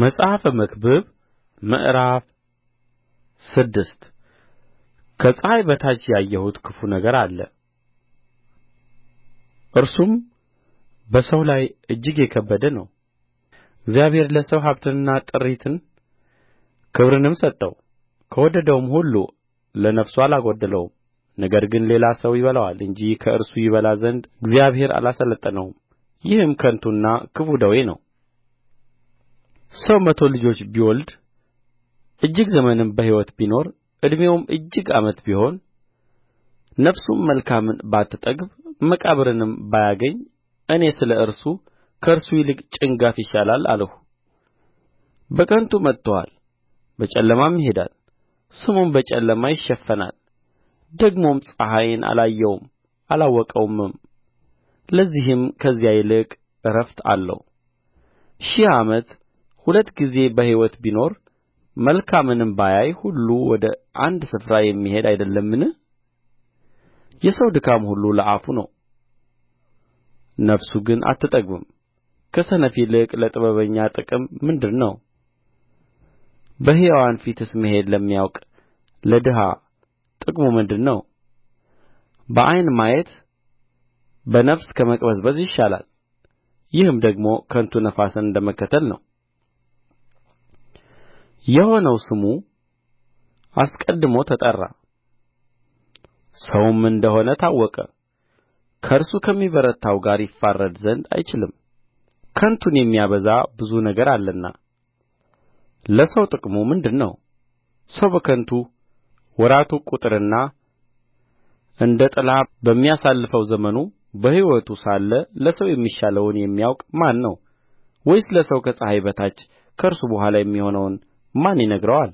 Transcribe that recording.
መጽሐፈ መክብብ ምዕራፍ ስድስት ከፀሐይ በታች ያየሁት ክፉ ነገር አለ እርሱም በሰው ላይ እጅግ የከበደ ነው እግዚአብሔር ለሰው ሀብትንና ጥሪትን ክብርንም ሰጠው ከወደደውም ሁሉ ለነፍሱ አላጐደለውም ነገር ግን ሌላ ሰው ይበላዋል እንጂ ከእርሱ ይበላ ዘንድ እግዚአብሔር አላሠለጠነውም ይህም ከንቱና ክፉ ደዌ ነው ሰው መቶ ልጆች ቢወልድ እጅግ ዘመንም በሕይወት ቢኖር ዕድሜውም እጅግ ዓመት ቢሆን ነፍሱም መልካምን ባትጠግብ መቃብርንም ባያገኝ እኔ ስለ እርሱ ከእርሱ ይልቅ ጭንጋፍ ይሻላል አልሁ በከንቱ መጥቶአል በጨለማም ይሄዳል ስሙም በጨለማ ይሸፈናል ደግሞም ፀሐይን አላየውም አላወቀውምም ለዚህም ከዚያ ይልቅ ዕረፍት አለው ሺህ ዓመት ሁለት ጊዜ በሕይወት ቢኖር መልካምንም ባያይ ሁሉ ወደ አንድ ስፍራ የሚሄድ አይደለምን የሰው ድካም ሁሉ ለአፉ ነው ነፍሱ ግን አትጠግብም ከሰነፍ ይልቅ ለጥበበኛ ጥቅም ምንድር ነው በሕያዋን ፊትስ መሄድ ለሚያውቅ ለድሀ ጥቅሙ ምንድር ነው በዓይን ማየት በነፍስ ከመቅበዝበዝ ይሻላል ይህም ደግሞ ከንቱ ነፋስን እንደ መከተል ነው የሆነው ስሙ አስቀድሞ ተጠራ ሰውም እንደ ሆነ ታወቀ ከእርሱ ከሚበረታው ጋር ይፋረድ ዘንድ አይችልም ከንቱን የሚያበዛ ብዙ ነገር አለና ለሰው ጥቅሙ ምንድር ነው ሰው በከንቱ ወራቱ ቍጥርና እንደ ጥላ በሚያሳልፈው ዘመኑ በሕይወቱ ሳለ ለሰው የሚሻለውን የሚያውቅ ማን ነው? ወይስ ለሰው ከፀሐይ በታች ከእርሱ በኋላ የሚሆነውን ማን ይነግረዋል